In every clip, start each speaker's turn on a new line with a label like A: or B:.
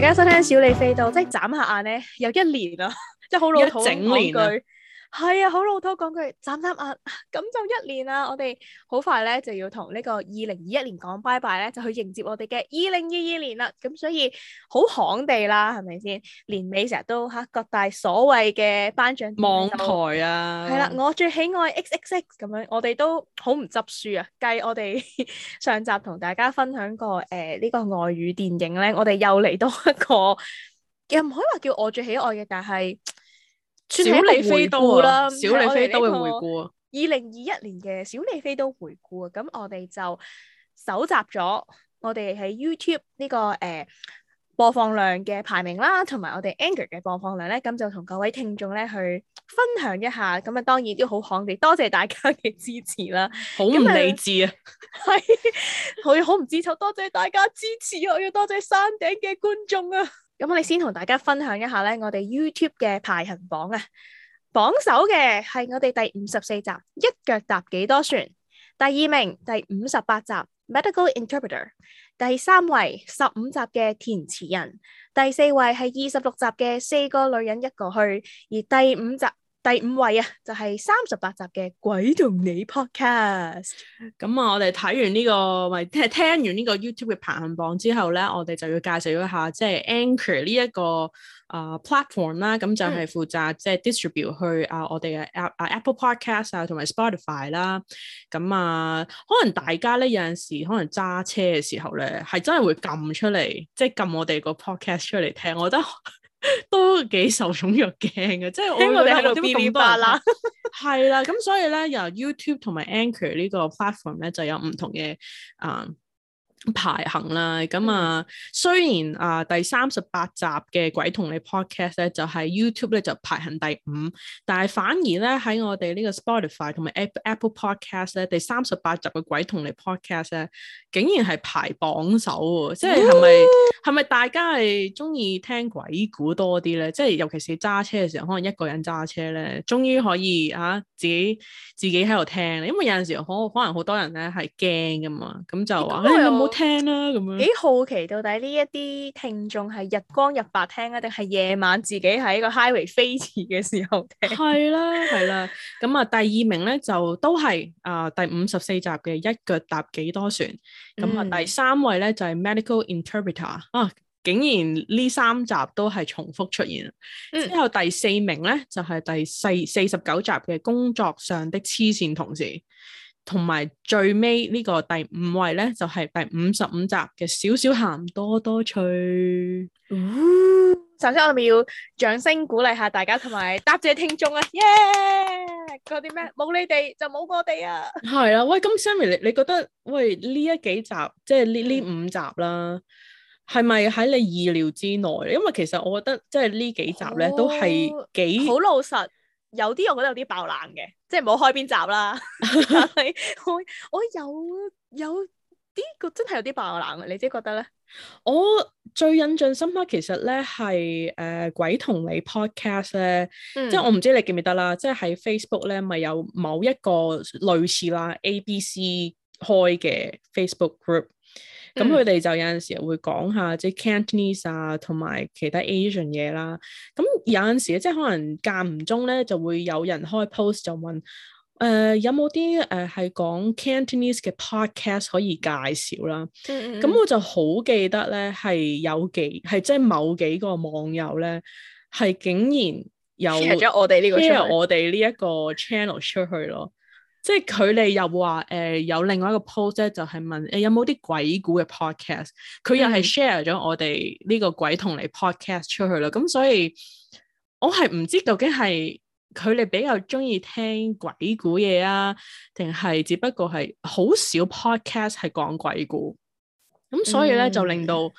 A: 大家收聽小李飛刀，即係眨下眼咧，有一年啦，即係好老土嗰句。係啊，好老土講句，眨眨眼咁就一年啦。我哋好快咧就要同呢個二零二一年講拜拜咧，就去迎接我哋嘅二零二二年啦。咁所以好巷地啦，係咪先？年尾成日都吓各大所謂嘅頒獎網台
B: 啊，係啦、啊，我
A: 最喜愛 X X X 咁樣，我哋都好唔執輸啊。計我哋上集同大家分享過誒呢個外語電影咧，我哋又嚟到一個，又唔可以話叫我最喜愛嘅，但係。小李飛刀啦，小李飛刀嘅回顧。二零二一年嘅小李飛刀回顧啊，咁我哋就搜集咗我哋喺 YouTube 呢、這個誒、呃、播放量嘅排名啦，同埋我哋 Angry 嘅播放量咧，咁就同各位聽眾咧去分享一下。咁啊，當然都好 kindly 多謝大家嘅支持啦。好唔理智啊！就 我要好唔知醜，多謝大家支持，我要多謝山頂嘅觀眾啊！咁我哋先同大家分享一下咧，我哋 YouTube 嘅排行榜啊，榜首嘅係我哋第五十四集《一腳踏幾多船》，第二名第五十八集《Medical Interpreter》，第三位十五集嘅填詞人，第四位係二十六集嘅《四個女人一個去》，而第五集。第五位啊，就係三十八集嘅《鬼同你 Podcast》嗯。
B: 咁啊，我哋睇完呢、呢個，咪聽聽完呢個 YouTube 嘅排行榜之後咧，我哋就要介紹一下即係、即係、Anchor 呢、呢、一個啊、呃、platform 啦。咁就係負責即係、嗯、distribute 去啊我哋嘅 App、Apple Podcast 啊，同埋 Spotify 啦。咁啊，可能大家咧有陣時可能揸車嘅時候咧，係真係會撳出嚟，即係撳我哋個 Podcast 出嚟聽。我覺得。都幾受寵若驚嘅，即係我喺度編亂八啦，係啦，咁所以咧，由 YouTube 同埋 Anchor 呢個 platform 咧，就有唔同嘅啊。排行啦，咁啊雖然啊第三十八集嘅鬼同你 podcast 咧，就係、是、YouTube 咧就排行第五，但係反而咧喺我哋呢個 Spotify 同埋 Apple Apple Podcast 咧，第三十八集嘅鬼同你 podcast 咧，竟然係排榜首。哦、即係係咪係咪大家係中意聽鬼故多啲咧？即係尤其是揸車嘅時候，可能一個人揸車咧，終於可以啊自己自己喺度聽，因為有陣時可可能好多人咧係驚㗎嘛，咁就話
A: 聽啦，咁樣幾好奇到底呢一啲聽眾係日光日白聽啊，定係夜晚自己喺個 highway 飛馳嘅時候聽？係啦， 係啦。咁 啊，第二名
B: 咧就都係啊、呃，第五十四集嘅一腳踏幾多船。咁啊、嗯，第三位咧就係、是、medical interpreter 啊，竟然呢三集都係重複出現。嗯、之後第四名咧就係、是、第四四十九集嘅工作上的黐線同事。同埋最尾呢個第五位咧，就係、是、第五十五集嘅少少鹹
A: 多多趣。首先、哦、我哋要掌聲鼓勵下大家，同埋答謝聽眾啊！耶、yeah！嗰啲咩冇你哋就冇我哋啊！
B: 係啦、啊，喂，咁 Sammy 你你覺得喂呢一幾集即係呢呢五集啦，係咪喺你意料之內咧？因為其實我覺得即係呢
A: 幾集咧都係幾好老實。有啲我覺得有啲爆冷嘅，即係唔好開邊集啦。 我我有有啲、呢個真係有啲爆冷嘅，你即係覺得咧？
B: 我最印象深刻其實咧係誒鬼同你 podcast 咧、嗯，即係我唔知你記唔記得啦。即係喺 Facebook 咧咪有某一個類似啦 ABC 開嘅 Facebook group。咁佢哋就有陣時會講下即係、就是、Cantonese 啊，同埋其他 Asian 嘢啦。咁有陣時即係、就是、可能間唔中咧，就會有人開 post 就問：誒、呃、有冇啲誒係講、呃、Cantonese 嘅 podcast 可以介紹啦？咁、嗯嗯、我就好記得咧，係有幾係即係某幾個網友咧，係竟然有 share 咗我哋呢個即係 share 我哋呢一個 channel 出去咯。即係佢哋又話誒、呃、有另外一個 post 咧，就係、是、問誒、呃、有冇啲鬼故嘅 podcast？佢又係、嗯、share 咗我哋呢個鬼同你 podcast 出去啦。咁所以，我係唔知究竟係佢哋比較中意聽鬼故嘢啊，定係只不過係好少 podcast 係講鬼故。咁所以咧，嗯、就令到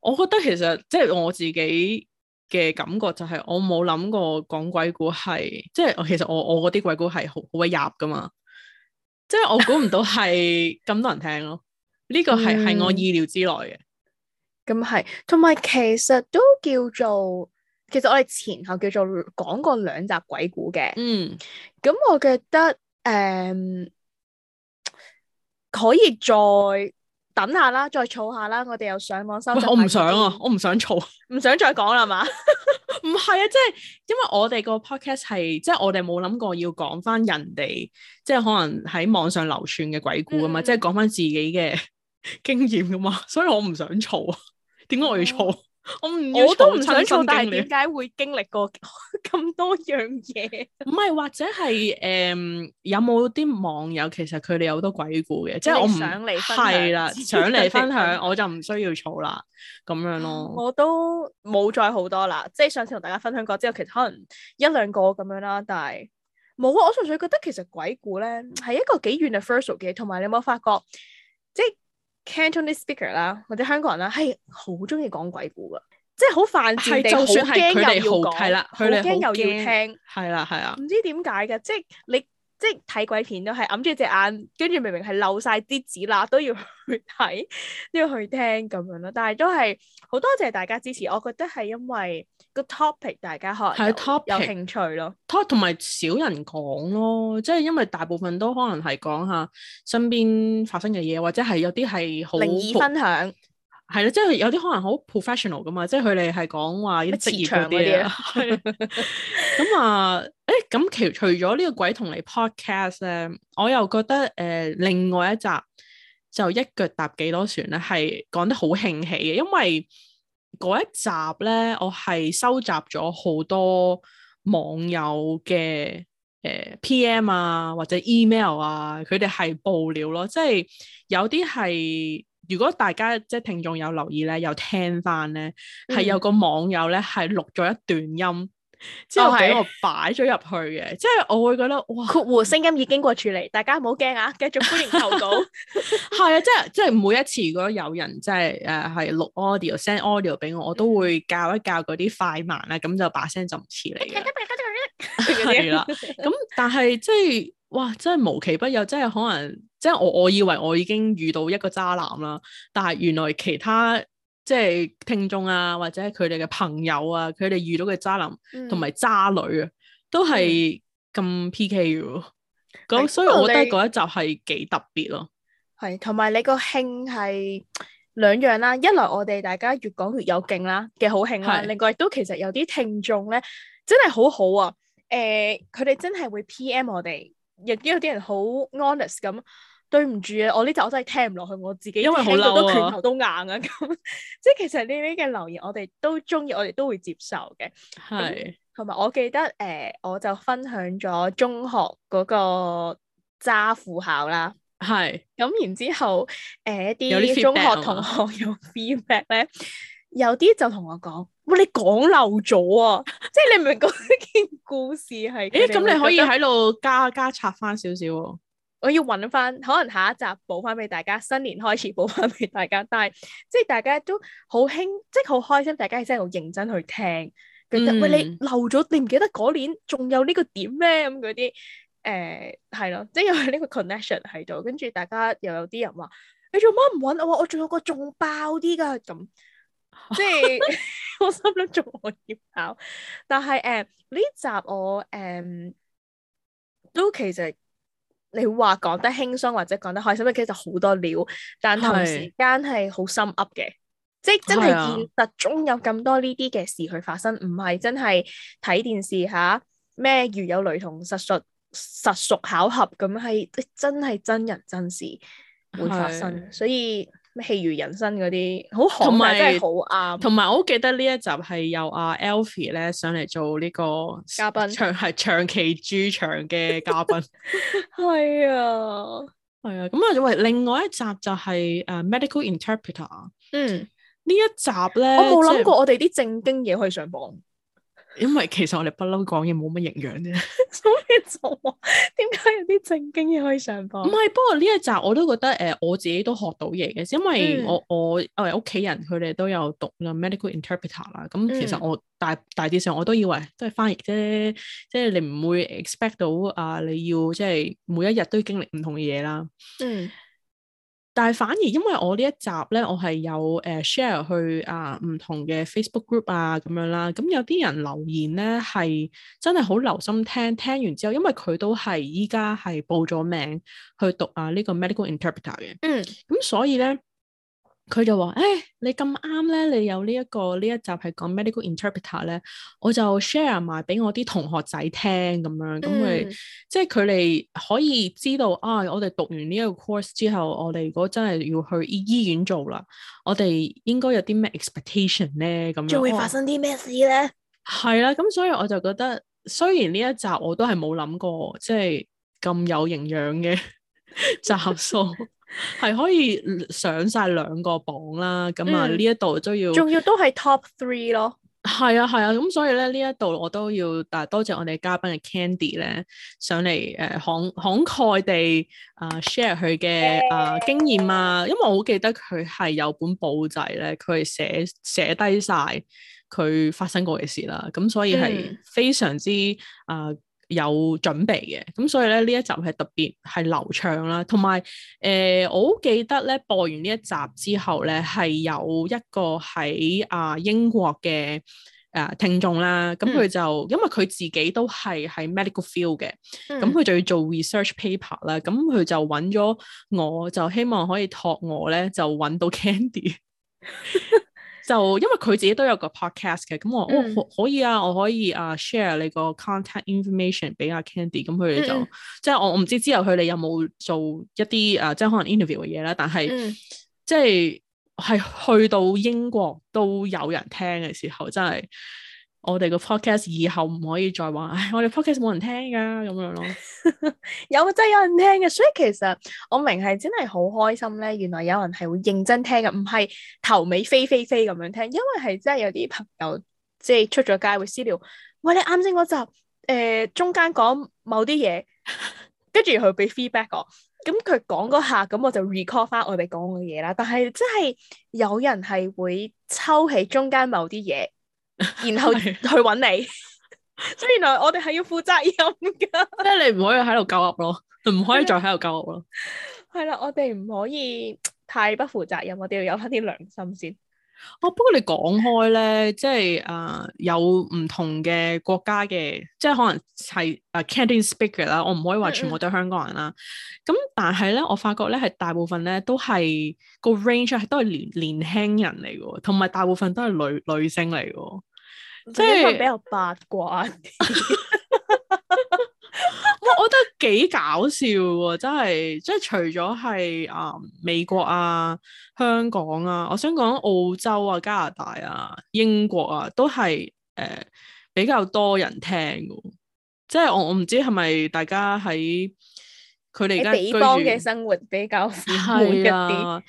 B: 我覺得其實即係我自己嘅感覺就係我冇諗過講鬼故係即係，其實我我嗰啲鬼故係好好鬼入噶嘛。 即係我估唔到係咁多人聽咯，呢、這個係係我意料之內嘅。
A: 咁係、嗯，同埋其實都叫做，其實我哋前後叫做講過兩集鬼故嘅。嗯，咁、嗯、我覺得誒、呃、可以再。等下啦，再嘈下啦，我哋又上網搜。我唔想
B: 啊，嗯、我唔想嘈。
A: 唔想再講啦嘛？
B: 唔係啊，即係因為我哋個 podcast 係即係我哋冇諗過要講翻人哋，即係可能喺網上流傳嘅鬼故啊嘛，即係講翻自己嘅經驗啊嘛，所以我唔想嘈。點 解我要嘈？嗯
A: 我唔我都唔想做，但係點解會經歷過咁多樣嘢？
B: 唔係，或者係誒、呃，有冇啲網友其實佢哋有好多鬼故嘅？即係我唔想係啦，想你分享，我就唔需要做啦，咁樣咯。我
A: 都冇再好多啦，即係上次同大家分享過之後，其實可能一兩個咁樣啦。但係冇啊！我純粹覺得其實鬼故咧係一個幾 universal 嘅，同埋你有冇發覺即係？Cantonese speaker 啦，或者香港人啦，係好中意講鬼故噶，即係好犯賤地，好驚又要講，係啦，好驚又要聽，係啦，係啊，唔知點解嘅，即係你。即係睇鬼片都係揞住隻眼，跟住明明係漏晒啲紙喇都要去睇，都要去聽咁樣咯。但係都係好多謝大家支持，我覺得係因為個 topic 大家可能有，topic 有興
B: 趣咯。topic 同埋少人講咯，即係因為大部分都可能係講下身邊發生嘅嘢，或者係有啲係好靈異分享。係啦，即係有啲可能好 professional 噶嘛，即係佢哋係講話啲職業嗰啲咁啊，誒、欸、咁其除咗呢個鬼同你 podcast 咧，我又覺得誒、呃、另外一集就一腳踏幾多船咧，係講得好興起嘅，因為嗰一集咧，我係收集咗好多網友嘅誒、呃、PM 啊或者 email 啊，佢哋係報料咯，即係有啲係。如果大家即係聽眾有留意咧，有聽翻咧，係、嗯、有個網友咧係錄咗一段音，之後俾我
A: 擺咗入去嘅。哦、即係我會覺得哇！括弧聲音已經過處理，大家唔好驚啊，繼續歡迎投稿。係啊，即係即係每一次，如果有
B: 人即係誒係錄 audio send audio 俾我，嗯、我都會教一教嗰啲快慢咧，咁就把聲就唔似你嘅。
A: 係啦，咁、 嗯、
B: 但係即係哇，真係無奇不有，真係可能即係我我以為我已經遇到一個渣男啦，但係原來其他即係聽眾啊，或者佢哋嘅朋友啊，佢哋遇到嘅渣男同埋渣女啊，嗯、都係咁 P K 嘅，咁所以我覺得嗰一集係幾特別咯。
A: 係，同埋你個興係兩樣啦，一來我哋大家越講越有勁啦嘅好興啦，啦的另外都其實有啲聽眾咧真係好好啊。誒，佢哋、呃、真係會 PM 我哋，亦都有啲人好 honest 咁，對唔住啊，我呢集我真係聽唔落去，我自己因聽到都拳頭都硬啊！咁，即係 其實呢啲嘅留言我，我哋都中意，我哋都會接受嘅。係是，同埋、嗯、我記得誒、呃，我就分享咗中學嗰個渣副校啦。係是。咁然之後，誒、呃、一啲中學同學有 feedback 咧。 有啲就同我講，喂，你講漏咗啊， 即係你唔係講呢件故事係誒？咁 你可以喺度加加插翻少少，我要搵翻，可能下一集補翻俾大家，新年開始補翻俾大家。但係即係大家都好興，即係好開心，大家係真係好認真去聽。佢就：嗯「喂，你漏咗，你唔記得嗰年仲有呢個點咩？咁嗰啲誒係咯，即係因為呢個 connection 喺度，跟住大家又有啲人話你做乜唔搵我？我仲有個仲爆啲噶咁。即係 我心諗仲可以考，但係誒呢集我誒、嗯、都其實你話講得輕鬆或者講得開心，其實好多料，但同時間係好深 up 嘅，的即係真係現實中有咁多呢啲嘅事去發生，唔係的真係睇電視吓咩？如有雷同實屬實屬巧合，咁係真係真人真事會發生，的所以。戲如人生嗰啲好，同埋有真係好
B: 啱。同埋我好記得呢一集係由阿 Alfie 咧，上嚟做呢、呢個嘉賓，長係長期駐場嘅嘉賓。係 啊，係 是啊。咁啊，喂，另外一集就係誒 Medical Interpreter。嗯，
A: 呢一集咧，我冇諗過我哋啲正經嘢可以上榜。
B: 因為其實我哋不嬲講嘢冇乜營養啫，
A: 所以就話點解有啲正經嘢可以上播？唔係，
B: 不過呢一集我都覺得誒、呃，我自己都學到嘢嘅，因為我、嗯、我我屋企、呃、人佢哋都有讀 Medical Interpreter 啦、啊，咁其實我、嗯、大大致上我都以為都係翻譯啫，即係你唔會 expect 到啊，你要即係每一日都經歷唔同嘅嘢啦。嗯。但係反而因為我呢一集咧，我係有誒 share、呃、去啊唔、呃、同嘅 Facebook group 啊咁樣啦，咁有啲人留言咧係真係好留心聽，聽完之後，因為佢都係依家係報咗名去讀啊呢、呢個 medical interpreter 嘅，嗯，咁所以咧。佢就話，誒、欸，你咁啱咧，你有呢、這、一個呢一集係講 medical interpreter 咧，我就 share 埋俾我啲同學仔聽咁樣，咁佢、嗯、即係佢哋可以知道啊，我哋讀完呢一個 course 之後，我哋如果真係要去醫院做啦，我哋應該有啲咩 expectation 咧咁樣，就會發生
A: 啲咩事咧？
B: 係啦，咁、啊、所以我就覺得，雖然呢一集我都係冇諗過，即係咁有營養嘅集數合數。 係 可以上晒兩個榜啦，咁啊呢一度都要，仲要
A: 都係 top three 咯。係啊係啊，咁、啊、所以咧
B: 呢一度我都要，但係多謝我哋嘉賓嘅 Candy 咧上嚟，誒，慷慷慨地啊 share 佢嘅啊經驗啊，因為我好記得佢係有本簿仔咧，佢係寫寫低晒佢發生過嘅事啦，咁所以係非常之啊。嗯呃有準備嘅，咁所以咧呢一集係特別係流暢啦，同埋誒我好記得咧播完呢一集之後咧係有一個喺啊英國嘅誒、啊、聽眾啦，咁佢就、嗯、因為佢自己都係喺 medical field 嘅，咁佢、嗯、就要做 research paper 啦，咁佢就揾咗我，就希望可以託我咧就揾到 Candy、嗯。 就因為佢自己都有個 podcast 嘅，咁我哦、嗯 oh，可以啊，我可以啊 share 你個 contact information 俾阿 Candy，咁佢哋就、嗯、即係我我唔知之後佢哋有冇做一啲啊即係可能 interview 嘅嘢啦，但係、
A: 嗯、
B: 即係係去到英國都有人聽嘅時候，真係。我哋個 podcast 以後唔可以再話，唉、哎，我哋 podcast 冇人聽噶咁樣咯。
A: 有真係有人聽嘅， 所以其實我明係真係好開心咧。原來有人係會認真聽嘅，唔係頭尾飛飛飛咁樣聽。因為係真係有啲朋友即係出咗街會私聊，喂，你啱先嗰集誒、呃、中間講某啲嘢，跟住佢俾 feedback 我，咁佢講嗰下，咁我就 recall 翻我哋講嘅嘢啦。但係真係有人係會抽起中間某啲嘢。然後去揾你，所以 原來我哋係要負責任噶，即係你唔可以喺度鳩噏咯，
B: 唔 可以再喺度鳩噏咯。
A: 係啦， 我哋唔可以太不負責任，我哋要有翻啲良心先。
B: 哦，不過你講開咧，即係誒有唔同嘅國家嘅，即、就、係、是、可能係誒 Candy speaker 啦，我唔可以話全部都係香港人啦。咁、嗯嗯、但係咧，我發覺咧係大部分咧都係個 range 都係年都年輕人嚟噶，同埋大部分都係女女性嚟噶。即係比較
A: 八卦啲，我、就是、
B: 我覺得幾搞笑喎，真係即係除咗係啊美國啊香港啊，我想講澳洲啊加拿大啊英國啊，都係誒、呃、比較多人聽嘅，即係我我唔知係咪大家喺佢哋而家地方嘅
A: 生活比較活躍啲。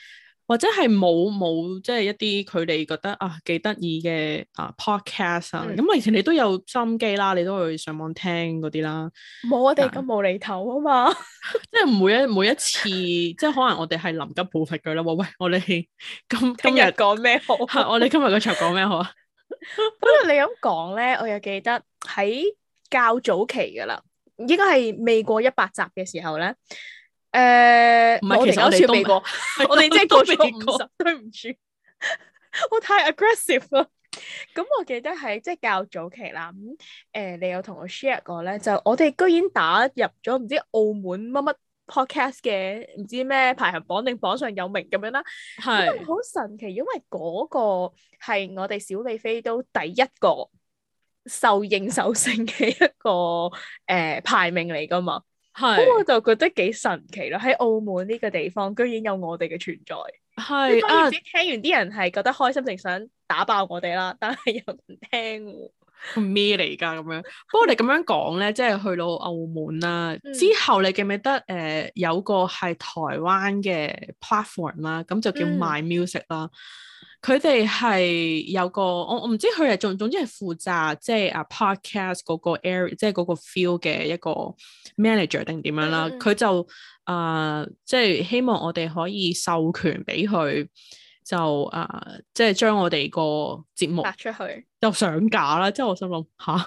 B: 或者係冇冇即係一啲佢哋覺得啊幾得意嘅啊 podcast 啊咁，以前的你都有心機啦，你都會上網聽嗰啲啦。冇我哋咁無厘頭啊嘛！ 即係每一每一次，即係可能我哋係臨急抱佛腳啦。喂喂，我哋今今日講
A: 咩好？係 我哋今日嘅場講咩好啊？不 過你咁講咧，我又記得喺較早期㗎啦，應該係未過一百集嘅時候咧。誒，唔係、uh, 是，其實我哋未過， 我哋即係過咗五十，對唔住， 我太 aggressive 啦。咁 我記得係即係較早期啦。咁、嗯、誒，你有同我 share 過咧？就是、我哋居然打入咗唔知澳門乜乜 podcast 嘅唔知咩排行榜定榜上有名咁樣啦。係好是神奇，因為嗰個係我哋小李飛刀第一個受應受盛嘅一個誒、呃、排名嚟噶嘛。係，不過是我就覺得幾神奇咯，喺澳門呢個地方居然有我哋嘅存在。係是，啱啱已經聽完啲人係覺得開心，定想打爆我哋啦。但係又唔聽，咩
B: 嚟噶咁樣？ 不過你咁樣講咧，即、就、係、是、去到澳門啦、嗯、之後，你記唔記得誒、呃，有個係台灣嘅 platform 啦，咁就叫 My、嗯、Music 啦。佢哋係有個，我我唔知佢係總總之係負責，即係啊 podcast 嗰個 area，即係嗰個 feel 嘅一個 manager 定點樣啦。佢、嗯、就啊、呃，即係希望我哋可以授權俾佢，就啊、呃，即係將我哋個節目出去就上架啦。即係我心諗吓，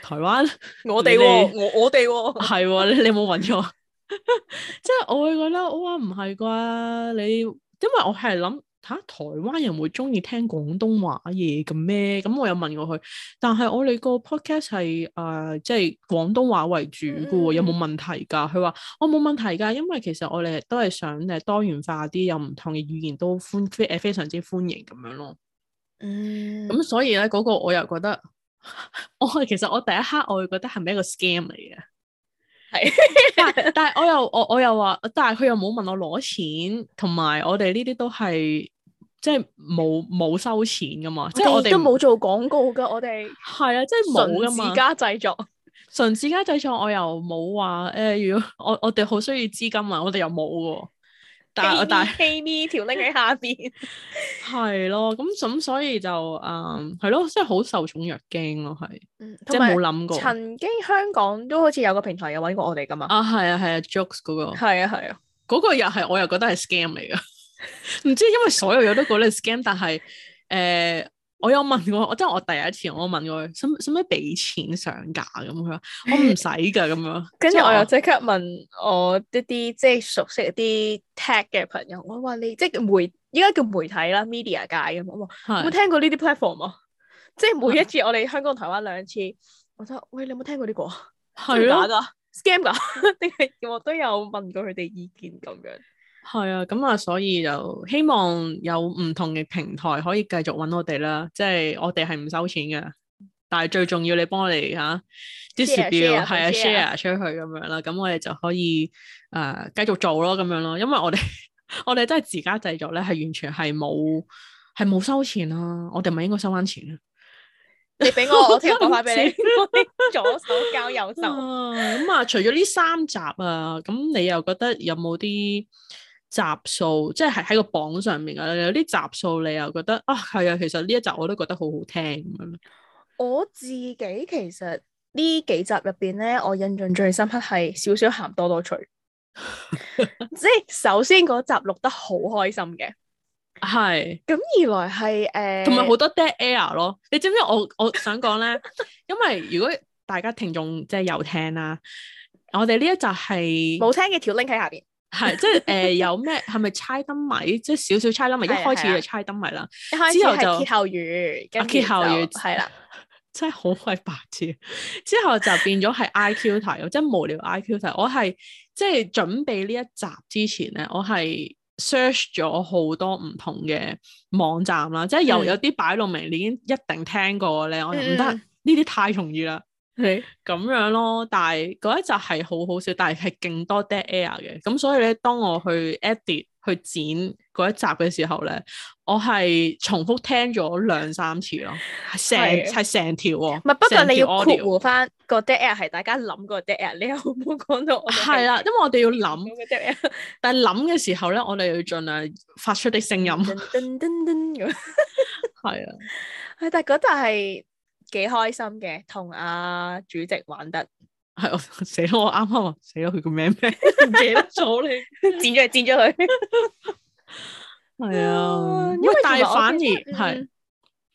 B: 台灣我哋、啊、你你我
A: 我哋係、啊啊、你冇搵錯？
B: 即係我會覺得哇，唔係啩？你因為我係諗。嚇、啊！台灣人會中意聽廣東話嘢嘅咩？咁我又問過佢，但係我哋個 podcast 係誒即、呃、係、就是、廣東話為主嘅喎，有冇問題㗎？佢話我冇問題㗎，因為其實我哋都係想誒多元化啲，有唔同嘅語言都歡誒非常之歡迎咁樣咯。嗯。咁所以咧，嗰、那個我又覺得，我其實我第一刻我會覺得係咪一個 scam 嚟嘅。係， 但係我又我我又話，但係佢又冇問我攞錢，同埋我哋呢啲都係即係冇冇收錢噶嘛，們即係我哋都冇
A: 做廣告噶，我哋係啊，即係冇噶嘛，純自家
B: 製作，純自家製作，我又冇話誒，如果我我哋好需要資金啊，我哋又冇噶。
A: 但係呢條拎喺下邊，
B: 係咯，咁咁所以就誒係咯，即係好受寵若驚咯，係
A: 即係冇諗過。曾經香港都好似有個平台有揾過我哋噶嘛？啊係啊
B: 係啊，Jokes 嗰個
A: 係啊係啊，嗰、嗰個又係我又覺得係 scam 嚟噶，
B: 唔 知因為所有嘢都覺得係 scam， 但係誒。呃我有問過，我即係我第一次，我問過佢使使唔使俾
A: 錢上
B: 架咁，佢話我唔使噶咁樣。跟住 我又即
A: 刻問我一啲即係熟悉一啲 tech 嘅朋友，我話你即係媒，而家叫媒體啦 media 界咁我是有冇聽過呢啲 platform 啊？ 即係每一次我哋香港台灣兩次，我就喂你有冇聽過呢、呢個？係咯，scam 㗎？定係 am 我都有問過佢哋意見咁嘅。
B: 係啊，咁啊，所以就希望有唔同嘅平台可以繼續搵我哋啦，即係我哋係唔收錢嘅，但係最重要你幫我
A: 哋吓啲係啊 share 出
B: 去，咁樣啦，咁我哋就可以誒繼續做咯，咁樣咯，因為我哋我哋都係自家製作咧，係完全係冇係冇收錢啦，我哋咪應該收翻錢啊！你
A: 俾我我聽講法俾你，左手
B: 交右手。咁啊，除咗呢三集啊，咁你又覺得有冇啲？集數即係喺個榜上面啊，有啲集數你又覺得啊，係啊，其實呢一集我都覺得好好聽咁樣。
A: 我自己其實呢幾集入邊咧，我印象最深刻係少少鹹多多趣。 即係首先嗰集錄得好開心嘅，係咁二來係誒，同埋好
B: 多 dead air 咯。你知唔知我我想講咧？ 因為如果大家聽眾即係有聽啦，我哋呢一集係冇聽嘅，
A: 條 link 喺下邊。
B: 係， 即係誒、呃，有咩係咪猜燈謎？ 即係少少猜燈謎， 一開始就猜燈謎啦， 之後就歇後
A: 語，啊歇後語
B: 係啦，真係好鬼白痴。之後就變咗係 I Q 題， 即係無聊 I Q 題。我係即係準備呢一集之前咧，我係 search 咗好多唔同嘅網站啦，即係又有啲擺到明你一定聽過嘅咧，嗯、我又唔得，呢啲、嗯、太容易啦。咁樣咯，但係嗰一集係好好笑，但係係勁多 dead air 嘅，咁所以咧，當我去 edit 去剪嗰一集嘅時候咧，我係重複聽咗兩三次咯，成係成條喎。唔係，不過你要括弧
A: 翻個 dead air 係大家諗個 dead air，你有冇講到？係啦，因為我哋要諗，
B: 但係諗嘅時候咧，我哋要盡量發出啲聲音。
A: 係 啊的，但係嗰集係。 對 的 幾開心嘅，同阿、啊、主席玩得
B: 係，死咯！ 我啱啱話，死咗佢個名名唔
A: 記得咗你，剪咗佢，剪咗佢，係
B: 啊！但係反而係，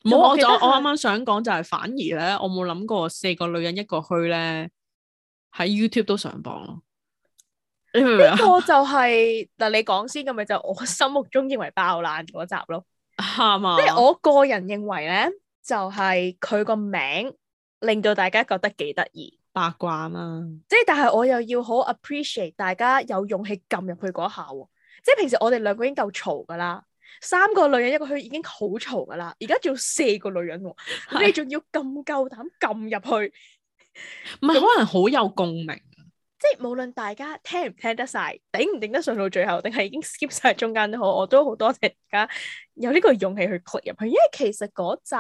A: 冇我我我啱啱
B: 想講就係，反而咧，我冇諗過四個女人一個墟咧喺 YouTube 都上榜咯。你明唔明啊？我
A: 就係、是、嗱，但你講先，咁咪就是、我心目中認為爆爛嗰集咯，係嘛嗎？即係我個人認為咧。就係佢個名令到大家覺得幾得意，八卦啊嘛！即係但係我又要好 appreciate 大家有勇氣撳入去嗰下喎、啊，即係平時我哋兩個已經夠嘈㗎喇，三個女人一個去已經好嘈㗎喇，而家仲有四個女人、啊， 你仲要咁夠膽撳入去，唔係 是 可能好有共鳴。即係無論大家聽唔聽得晒，頂唔頂得順到最後，定係已經 skip 晒中間都好，我都好多謝大家有呢個勇氣去 click 入去，因為其實嗰集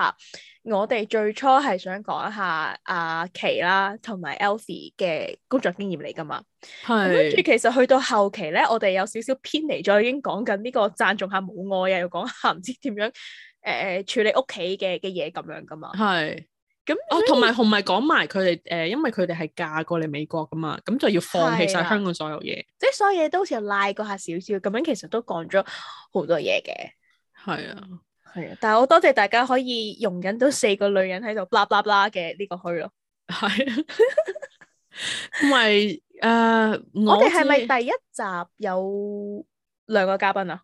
A: 我哋最初係想講一下阿琪、啊、啦，同埋 Elfie 嘅工作經驗嚟噶嘛。係是。跟住其實去到後期咧，我哋有少少偏離，咗，已經講緊呢個贊助下母愛又要講下唔知點樣誒、呃、處理屋企嘅嘅嘢咁樣噶嘛。係。
B: 咁哦，同埋同埋講埋佢哋，誒，因為佢哋係嫁過嚟美國噶嘛，咁就要放棄晒香港所有嘢。即係、啊就
A: 是，所有嘢都好似賴過下少少，咁樣其實都講咗好多嘢嘅。係啊，係、嗯、啊，但係我多謝大家可以容忍到四個女人喺度，blah blah blah 嘅呢個虛咯。係是、啊。因為誒，我哋係咪第一集有兩個嘉賓啊？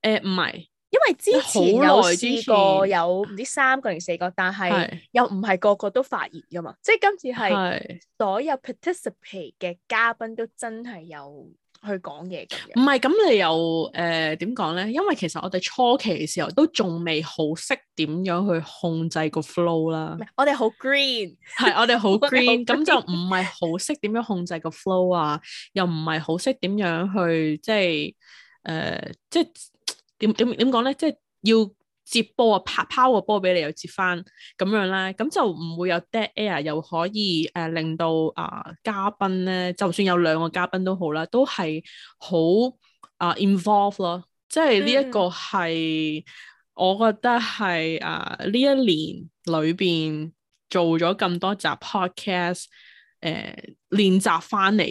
B: 誒、呃，唔係。
A: 因為之前有試過有唔知三個定四個，但係又唔係個個都發熱噶嘛，即係今次係所有 participate 嘅嘉賓都真係有去講嘢嘅。
B: 唔係咁，你又誒點講咧？因為其實我哋初期嘅時候都仲未好識點樣去控制個 flow 啦。唔
A: 係我哋好 green，係我哋好 green，咁就
B: 唔係好識點樣控制個 flow 啊，又唔係好識點樣去即係誒即。點點點講咧，即係要接波啊，拍、拋個波俾你又接翻咁樣啦，咁就唔會有 dead air，又可以誒、呃、令到啊、呃、嘉賓咧，就算有兩個嘉賓都好啦，都係好啊、呃、involve 咯，即係呢一個係、嗯、我覺得係啊呢一年裏邊做咗咁多集 podcast，誒、呃、練習翻嚟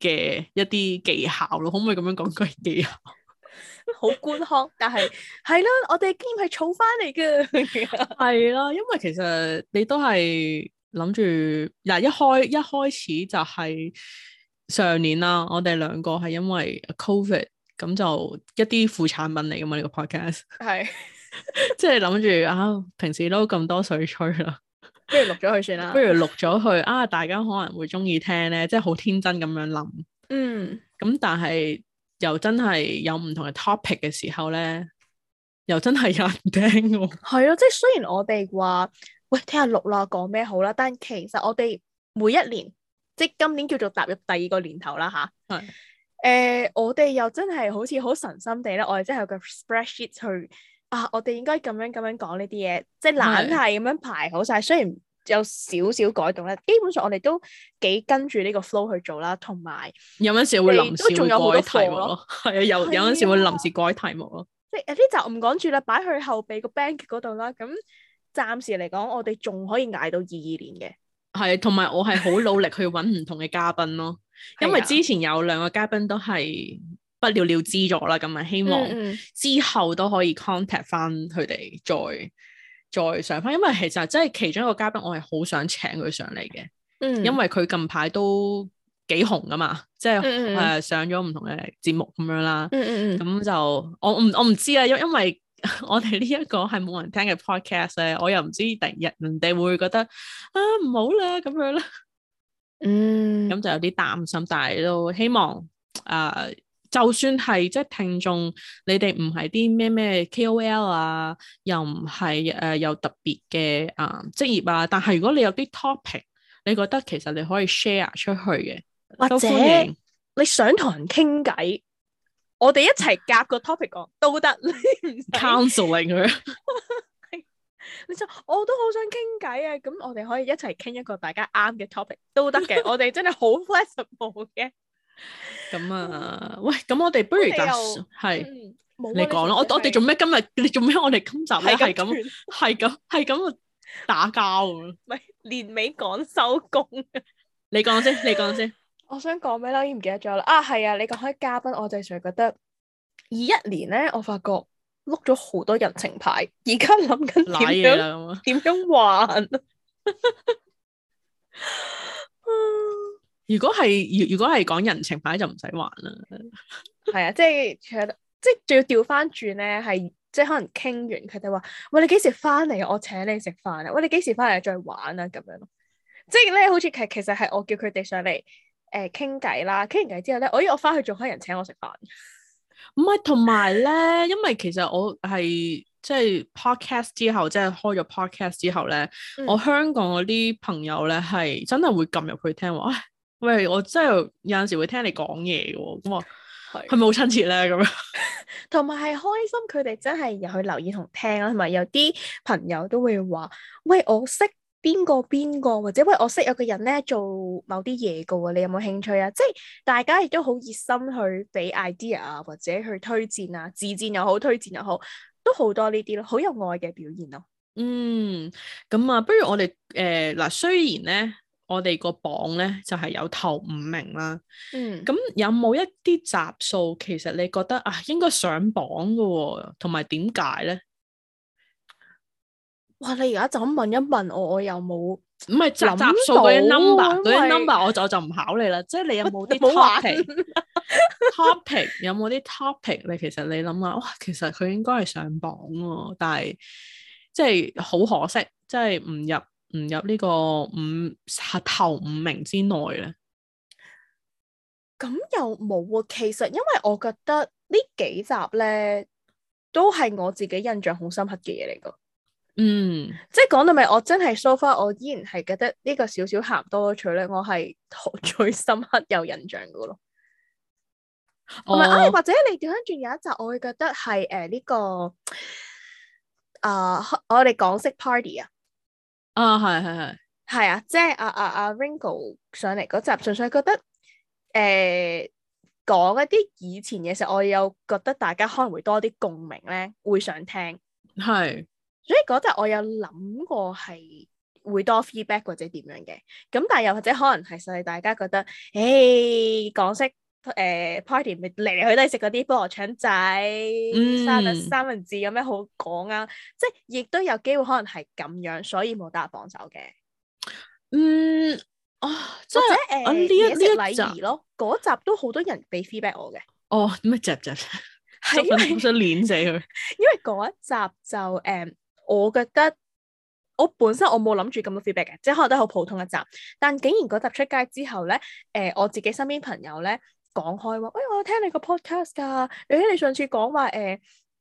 B: 嘅一啲技巧咯，可唔可以咁樣講句技巧？
A: 好官腔，但係
B: 係咯，我哋經驗係儲翻嚟嘅，係咯， 因為其實你都係諗住嗱，一開一開始就係上年啦，我哋兩個係因為 Covid 咁就一啲副產品嚟噶嘛呢個
A: podcast，
B: 係即係諗住啊，平時都咁多水吹啦， 不如
A: 錄咗佢算啦，不如錄
B: 咗佢啊，大家可能會中意聽咧，即係好天真咁樣諗，嗯，咁但係。又真係有唔同嘅 topic 嘅時候咧，
A: 又
B: 真係有人
A: 聽喎、啊。係咯， 即係雖然我哋話喂聽下六啦，講咩好啦，polls, 但其實我哋每一年，即係今年叫做踏入第二個年頭啦，吓、嗯。係。誒是的，我哋又真係好似好神心地咧，我哋真係有個 spreadsheet 去啊，我哋應該咁樣咁樣講呢啲嘢，即係懶係咁樣排好晒，雖然。有少少改動咧，基本上我哋都幾跟住呢個 flow 去做啦，同埋
B: 有陣時會臨時會改題目咯，係、欸、 啊，有有陣時會臨時改題目咯。
A: 即係呢集就唔講住啦，擺去後備個 bank 嗰度啦。咁暫時嚟講，我哋仲可以捱到二二年嘅。
B: 係，同埋我係好努力去揾唔同嘅嘉賓咯， 因為之前有兩個嘉賓都係不了了之咗啦，咁咪希望之後都可以 contact 翻佢哋再。嗯嗯再上翻，因為其實真係其中一個嘉賓，我係好想請佢上嚟嘅，因為佢近排都幾紅㗎嘛，即係誒上咗唔同嘅節目咁樣啦。咁就我我我唔知啊，因因為我哋呢一個係冇人聽嘅 podcast 咧，我又唔知第日人哋會覺得啊唔好啦咁樣啦。嗯，咁就有啲擔心，但係都希望誒。呃就算係即係聽眾，你哋唔係啲咩咩 KOL 啊，又唔係誒有特別嘅啊、呃、職業啊，但係如果你有啲 topic，你覺得其實你可以 share 出去嘅，或者都歡迎，
A: 你想同人傾偈，我哋一齊夾個 topic 講都得。你唔 counseling 佢，你就我都好想傾偈啊！咁我哋可以一齊傾一個大家啱嘅 topic 都得嘅。 我哋真係好 flexible 嘅。
B: 咁啊，喂，咁我哋不如就，係，
A: 你講咯，就是，我是我哋做
B: 咩，今日你做咩，我哋今集咧係咁，係咁，係咁 啊打交咁，唔係
A: 年尾講收工，你講先，你講先，我想講咩啦？已經唔記得咗啦，啊係啊，你講開嘉賓，我就係覺得二一年咧，我發覺碌咗好多人情牌，而家諗緊點樣點樣還。
B: 如果係，如如果係講人情牌就唔使玩啦。
A: 係 啊，即係其實即係仲要調翻轉咧，係即係可能傾完佢哋話，喂你幾時翻嚟？我請你食飯啊！喂你幾時翻嚟再玩啊？咁樣咯，即係咧，好似其其實係我叫佢哋上嚟誒傾偈啦，傾完偈之後咧，我依我翻去仲可以人請我食飯、
B: 啊。唔係，同埋咧，因為其實我係即係、就是、podcast 之後，即、就、係、是、開咗 podcast 之後咧，嗯、我香港嗰啲朋友咧係真係會撳入去聽話。哎喂，我真係有陣時會聽你講嘢嘅，咁啊，係咪好親切咧？咁樣，
A: 同埋係開心，佢哋真係又去留意同聽啦，同埋有啲朋友都會話：喂，我識邊個邊個，或者喂，我識有個人咧做某啲嘢嘅，你有冇興趣啊？即係大家亦都好熱心去俾 idea 啊，或者去推薦啊，自薦又好，推薦又好，都好多呢啲咯，好有愛嘅表現咯。嗯，
B: 咁啊，不如我哋誒嗱，雖然咧。我哋個榜咧就係、是、有頭五名啦，咁、嗯、有冇一啲集數？其實你覺得啊，應該上榜噶、哦，同埋點解咧？
A: 哇！你而家就咁問一問我，我又冇唔係集集數嗰啲 number，啲為 number，
B: 我就我就唔考你啦。為即係你有冇啲 topic？topic 有冇啲 topic？你其實你諗下，哇！其實佢應該係上榜，但係即係好可惜，即係唔入。唔入呢個五頭五名之內咧，
A: 咁又冇啊！其實因為我覺得呢幾集咧，都係我自己印象好深刻嘅嘢嚟個。嗯，即係講到尾，我真係 so far，我依然係覺得呢個少少鹹多咗趣咧。我係最深刻有印象個咯。哦、哎，或者你調翻轉有一集，我會覺得係誒呢個啊、呃，我哋港式 party 啊。
B: 啊，係係
A: 係係啊，即係啊啊阿、啊、Ringo 上嚟嗰集，純粹覺得誒、呃、講一啲以前嘢時，我有覺得大家可能會多啲共鳴咧，會想聽。係，所以嗰集我有諗過係會多 feedback 或者點樣嘅，咁但係又或者可能係實際大家覺得誒、hey, 港式。誒，party 咪嚟嚟去都係食嗰啲菠蘿腸仔、三文三文治，有咩好講啊？即係亦都有機會可能係咁樣，所以冇打防守嘅。
B: 嗯，啊，即係誒，呢一呢一集咯，
A: 嗰集都好多人俾 feedback 我嘅。
B: 哦，咩集集？
A: 係因為好想碾死佢。因為嗰一集就誒，我覺得我本身我冇諗住咁多 feedback 嘅，即係可能都係好普通一集。但竟然嗰集出街之後咧，誒，我自己身邊朋友咧。講開喎，我聽你個 podcast 噶，誒，你上次講話誒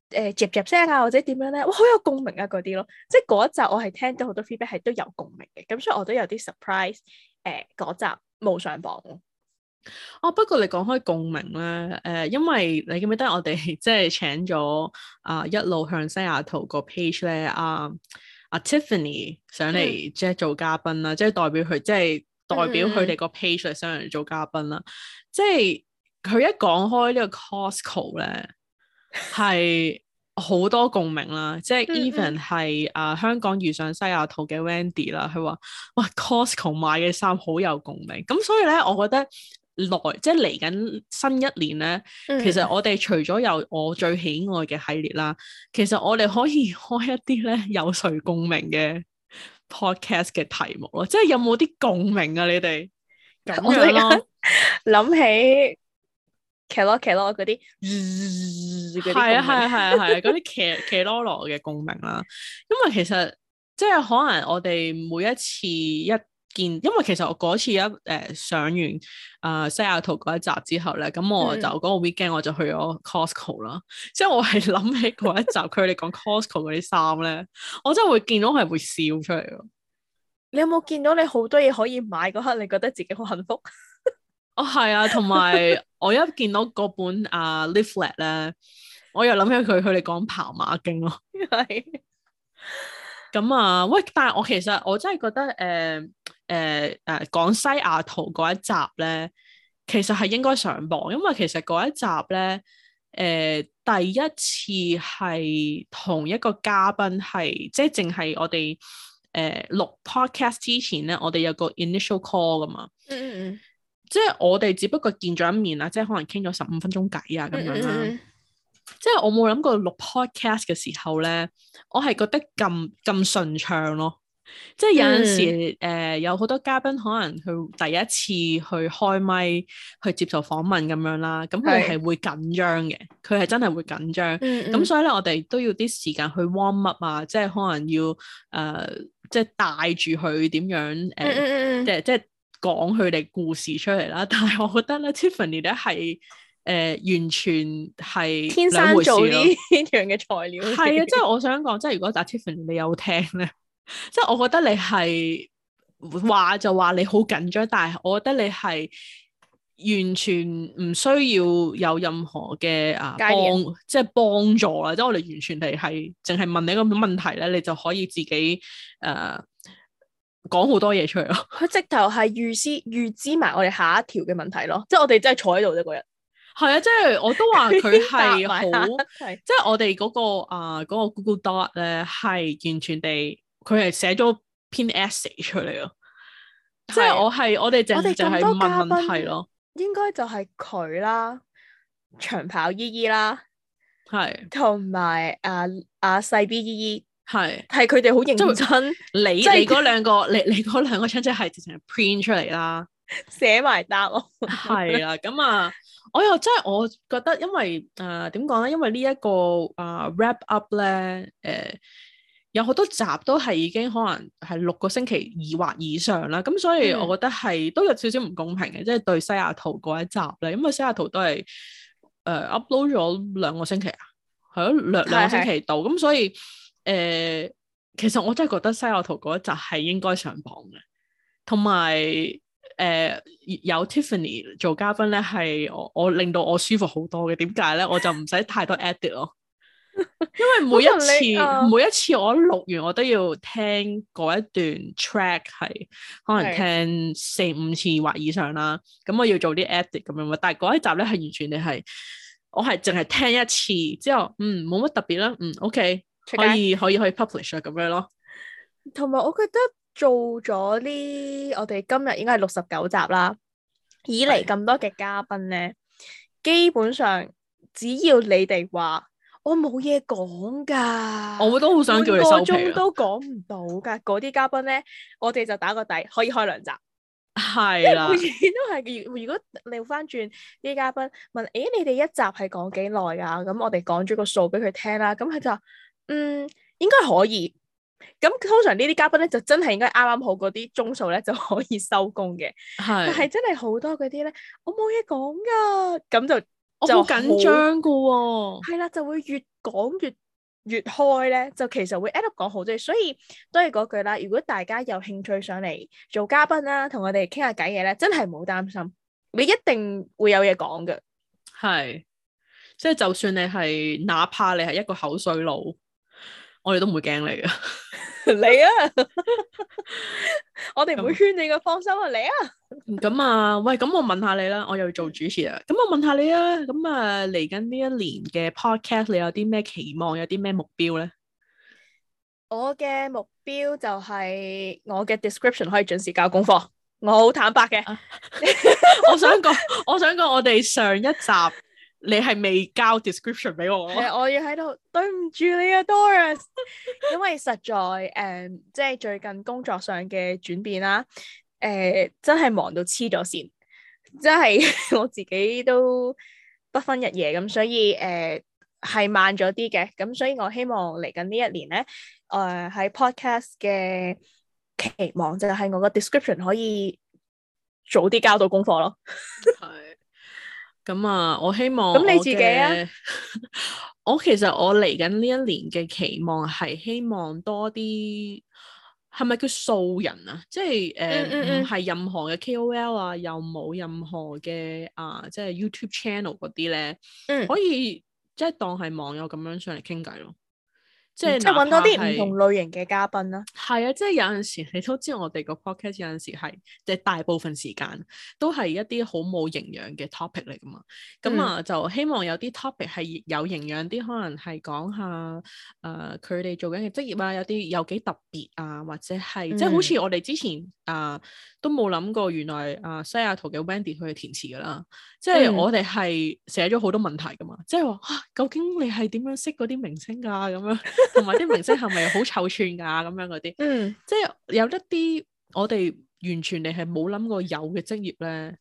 A: 誒夾夾聲啊，或者點樣咧，哇，好有共鳴啊，嗰啲咯，即係嗰一集我係聽到好多 feedback 係都有共鳴嘅，咁所以我都有啲 surprise，誒，嗰、呃、集冇上榜咯。哦，不過你講
B: 開共鳴咧，誒、呃，因為你記唔記得我哋即係請咗啊、呃、一路向西雅圖個 page 咧，阿、呃、阿、啊、Tiffany 上嚟即係做嘉賓啦，嗯、即係代表佢即係。代表佢哋個 page 嚟上嚟做嘉賓啦，即係佢一講開呢個 Costco 咧，係 好多共鳴啦。即係 even 係啊香港遇上西雅圖嘅 Wendy 啦，佢話哇 Costco 買嘅衫好有共鳴。咁所以咧，我覺得來即係嚟緊新一年咧，其實我哋除咗有我最喜愛嘅系列啦，其實我哋可以開一啲咧有誰共鳴嘅。Podcast 嘅題目咯，即係有冇啲共鳴啊？你哋咁樣
A: 諗起卡洛卡洛嗰啲，係啊係啊係啊，嗰啲
B: 卡卡洛羅嘅共鳴啦。 因為其實即係可能我哋每一次一見，因為其實我嗰次一誒、呃、上完啊、呃《西雅圖》嗰一集之後咧，咁、嗯、我就嗰、那個 weekend 我就去咗 Costco 啦。即、就、係、是、我係諗起嗰一集佢哋講 Costco 嗰啲衫咧，我真係會見到係會笑出嚟。
A: 你有冇見到你好多嘢可以買嗰刻，你覺得自己好幸福？ 哦，係啊，同埋
B: 我一見到嗰本啊 leaflet 咧，我又諗起佢佢哋講跑馬經咯。係是。咁啊，喂！但係我其實我真係覺得誒、呃誒誒，講、呃、西雅圖嗰一集咧，其實係應該上榜，因為其實嗰一集咧，誒、呃、第一次係同一個嘉賓係，即係淨係我哋誒、呃、錄 podcast 之前咧，我哋有個 initial call 噶嘛，嗯嗯、即係我哋只不過見咗一面啦，即係可能傾咗十五分鐘偈啊咁樣、嗯嗯、即係我冇諗過錄 podcast 嘅時候咧，我係覺得咁咁順暢咯。即係有陣時，誒、嗯呃，有好多嘉賓可能佢第一次去開咪去接受訪問咁樣啦，咁佢係會緊張嘅，佢係是真係會緊張。咁、嗯嗯、所以咧，我哋都要啲時間去 warm up 啊，即係可能要誒、呃，即係帶住佢點樣誒、呃嗯嗯嗯，即係即係講佢哋故事出嚟啦。但係我覺得咧，Tiffany 咧係誒，完全係天生做呢
A: 樣嘅材料。係啊，即係
B: 我想講，即係如果阿 Tiffany 你有聽咧。即係我覺得你係話就話你好緊張，但係我覺得你係完全唔需要有任何嘅啊幫，即係幫助啊！即係我哋完全地係淨係問你一個問題咧，你就可以自己誒講好多嘢出嚟
A: 咯。佢直頭係預知預知埋我哋下一條嘅問題咯。即係我哋真係坐喺度啫，嗰日係啊，
B: 即係我都話佢係好，即係 我哋嗰、嗰個啊、呃嗰個 Google Doc 咧係完全地。佢係寫咗篇 essay 出嚟咯，
A: 即係是 我係我哋淨係問問題咯，應該就係佢啦，長跑姨姨啦，係是，同埋啊啊細 B 姨姨係，係佢哋好認真，即你即係嗰兩個，你你兩個親戚係直情 print 出嚟啦，寫埋單咯，係 啦，咁啊，
B: 我又真係我覺得因、呃，因為誒點講咧，因為呢一個啊 wrap up 咧，誒、呃。呃呃有好多集都係已經可能係六個星期二或以上啦，咁所以我覺得係、嗯、都有少少唔公平嘅，即、就、係、是、對西雅圖嗰一集咧，因為西雅圖都係誒 upload 咗兩個星期啊，係咯兩兩個星期度。咁是所以誒、呃、其實我真係覺得西雅圖嗰一集係應該上榜嘅，同埋誒有 Tiffany 做嘉賓咧，係我我令到我舒服好多嘅，點解咧？我就唔使太多 edit 咯。 因為每一次、啊、每一次我錄完我都要聽嗰一段 track 係可能聽四五次或以上啦，咁我要做啲 edit 咁樣嘛。但係嗰一集咧係完全你係我係淨係聽一次之後，嗯冇乜特別啦。嗯，OK，界可以可以可以 publish 啦咁樣咯。
A: 同埋我覺得做咗呢，我哋今日應該係六十九集啦，
B: 以嚟
A: 咁多嘅嘉賓咧，的基本上只要你哋話。我冇嘢講噶，
B: 我都好想叫你收皮，個鐘都
A: 講唔到噶。嗰啲嘉賓咧，我哋就打個底，可以開兩集。係啦的，都係。如果如果調返轉啲嘉賓問，誒、欸，你哋一集係講幾耐噶？咁我哋講咗個數俾佢聽啦。咁佢就嗯，應該可以。咁通常賓呢啲嘉賓咧，就真係應該啱啱好嗰啲鐘數咧就可以收工嘅。係的，但係真係好多嗰啲咧，我冇嘢講噶，咁就。好緊張噶喎，係啦、哦，就會越講越越開咧，就其實會 end up 講好多嘢，所以都係嗰句啦。如果大家有興趣上嚟做嘉賓啦，同我哋傾下偈嘢咧，真係唔好擔心，你一定會有嘢講嘅，
B: 係，即係就算你係，哪怕你係一個口水佬。我哋都唔會驚你㗎，嚟啊！我哋唔會勸
A: 你㗎，放心啊，嚟啊！
B: 咁 啊，喂，咁我問下你啦，我又要做主持啊，咁我問下你啊，咁啊，嚟緊呢一年嘅 podcast，你有啲咩期望，有啲咩目
A: 標咧？我嘅目標就係我嘅 description 可以準時交功課，我好坦白嘅。 我想講，我想講，我哋
B: 上一集。你係未交 description 俾我、啊、我
A: 要喺度對唔住你啊，Doris， 因為實在誒、呃，即係最近工作上嘅轉變啦，誒真係忙到黐咗線，真係我自己都不分日夜咁，所以誒係、呃、慢咗啲嘅。咁所以我希望嚟緊呢一年咧，誒、呃、喺 podcast 嘅期望就係我個 description 可以早啲交到功課咯。
B: 咁啊！我希望咁你自己啊， 我其實我嚟緊呢一年嘅期望係希望多啲，係咪叫素人啊？即係誒，唔、呃、係、嗯嗯嗯、任何嘅 KOL 啊，又冇任何嘅啊，即係 YouTube channel 嗰啲咧，嗯、可以即係當係網友咁樣上嚟傾偈咯。即係揾多啲唔同類型嘅嘉賓啦，係啊，即係有陣時你都知道我哋個 podcast 有陣時係，即係大部分時間都係一啲好冇營養嘅 topic 嚟噶嘛，咁啊、嗯、就希望有啲 topic 係有營養啲，可能係講下誒佢哋做緊嘅職業啊，有啲有幾特別啊，或者係即係好似我哋之前啊、呃、都冇諗過，原來啊、呃、西雅圖嘅 Wendy 去填詞噶啦，
A: 即係我哋
B: 係寫咗好多問題噶嘛，嗯、即係話、啊、究竟你係點樣識嗰啲明星噶咁樣。 同埋啲明星係咪好臭串噶咁、啊、樣嗰啲？嗯，即係有一啲我哋完全你係冇諗過有嘅職業咧，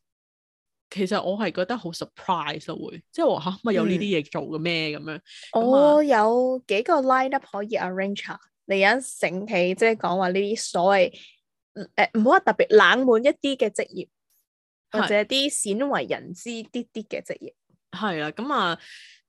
B: 其實我係覺得好 surprise 就會是
A: 是，即係話吓咪有呢啲嘢
B: 做嘅咩咁樣？
A: 我有幾個 line up 可以 arrange，、um, 你有得整起，即係講話呢啲所謂誒唔好話特別冷門一啲嘅職業，的或者啲鮮為人知啲啲嘅
B: 職業。係啦，咁啊，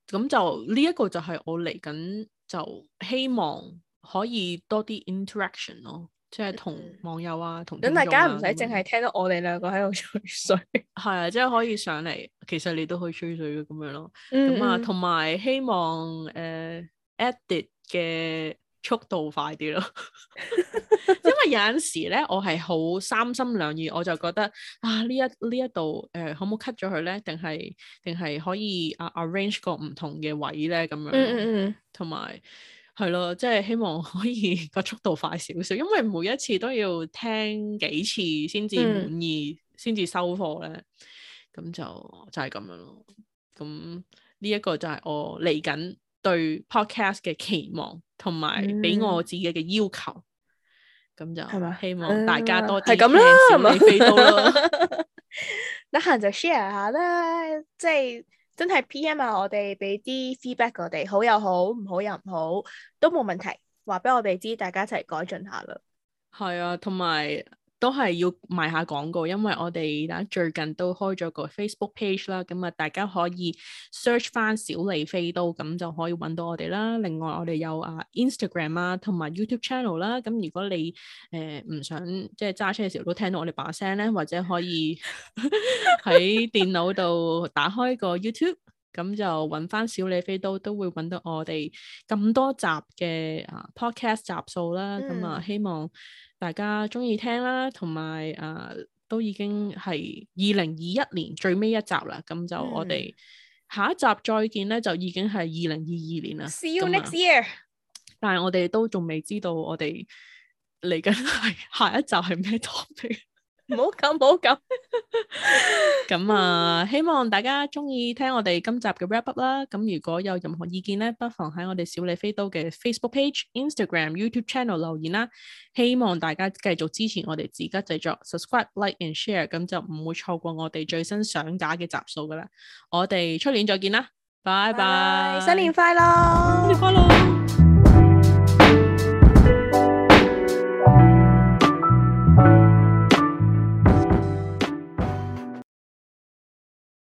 B: 咁就呢一個就係我嚟緊。就希望可以多啲 interaction 咯，即係同網友啊，同咁、啊、大家唔使淨係
A: 聽到我哋兩個喺度吹
B: 水，係 啊，即係可以上嚟，其實你都可以吹水嘅咁樣咯。咁、嗯嗯、啊，同埋希望誒、呃、，edit 嘅。速度快啲咯， 因為有陣時咧，我係好三心兩意，我就覺得啊，呢一呢一度誒，可唔可以 cut 咗佢咧？定係定係可以啊 arrange 個唔同嘅位咧咁樣，嗯嗯嗯，同埋係咯，即係、就是、希望可以個速度快少少，因為每一次都要聽幾次先至滿意，先至、嗯、收貨咧，咁就就係咁樣咯。咁呢一個就係我嚟緊對 podcast 嘅期望同埋俾我自己嘅要求，咁、嗯、就係咪希望大家多啲、嗯，係咁
A: 啦，得閒 就 share 下啦，即係真係 PM 啊！我哋俾啲 feedback 我哋，好又好，唔好又唔好，都冇問題，話俾我哋知，大家一齊改進下啦。
B: 係啊，同埋。都係要賣下廣告，因為我哋啦最近都開咗個 Facebook page 啦，咁啊大家可以 search 翻小李飛刀，咁就可以搵到我哋啦。另外我哋有啊 Instagram 啊，同埋 YouTube channel 啦、啊。咁如果你誒唔、呃、想即係揸車嘅時候都聽到我哋把聲咧，或者可以喺 電腦度打開個 YouTube。咁就揾翻小李飛刀都，都會揾到我哋咁多集嘅啊 podcast 集數啦，咁啊、嗯、希望大家中意聽啦，同埋啊都已經係二零二一年最尾一集啦，咁、嗯、就我哋下一集再見咧，就已經係二零二二年啦。See you next year。但係我哋都仲未知道我哋嚟緊係下一集係咩 topic。 唔好咁，唔好咁。咁 啊，希望大家中意聽我哋今集嘅 rap 啦。咁如果有任何意見咧，不妨喺我哋小李飛刀嘅 Facebook page、Instagram、YouTube channel 留言啦。希望大家繼續支持我哋自家製作，subscribe、like and share，咁就唔會錯過我哋最新想打嘅集數噶啦。我哋出年再見啦，拜拜，新年快樂，新年快樂。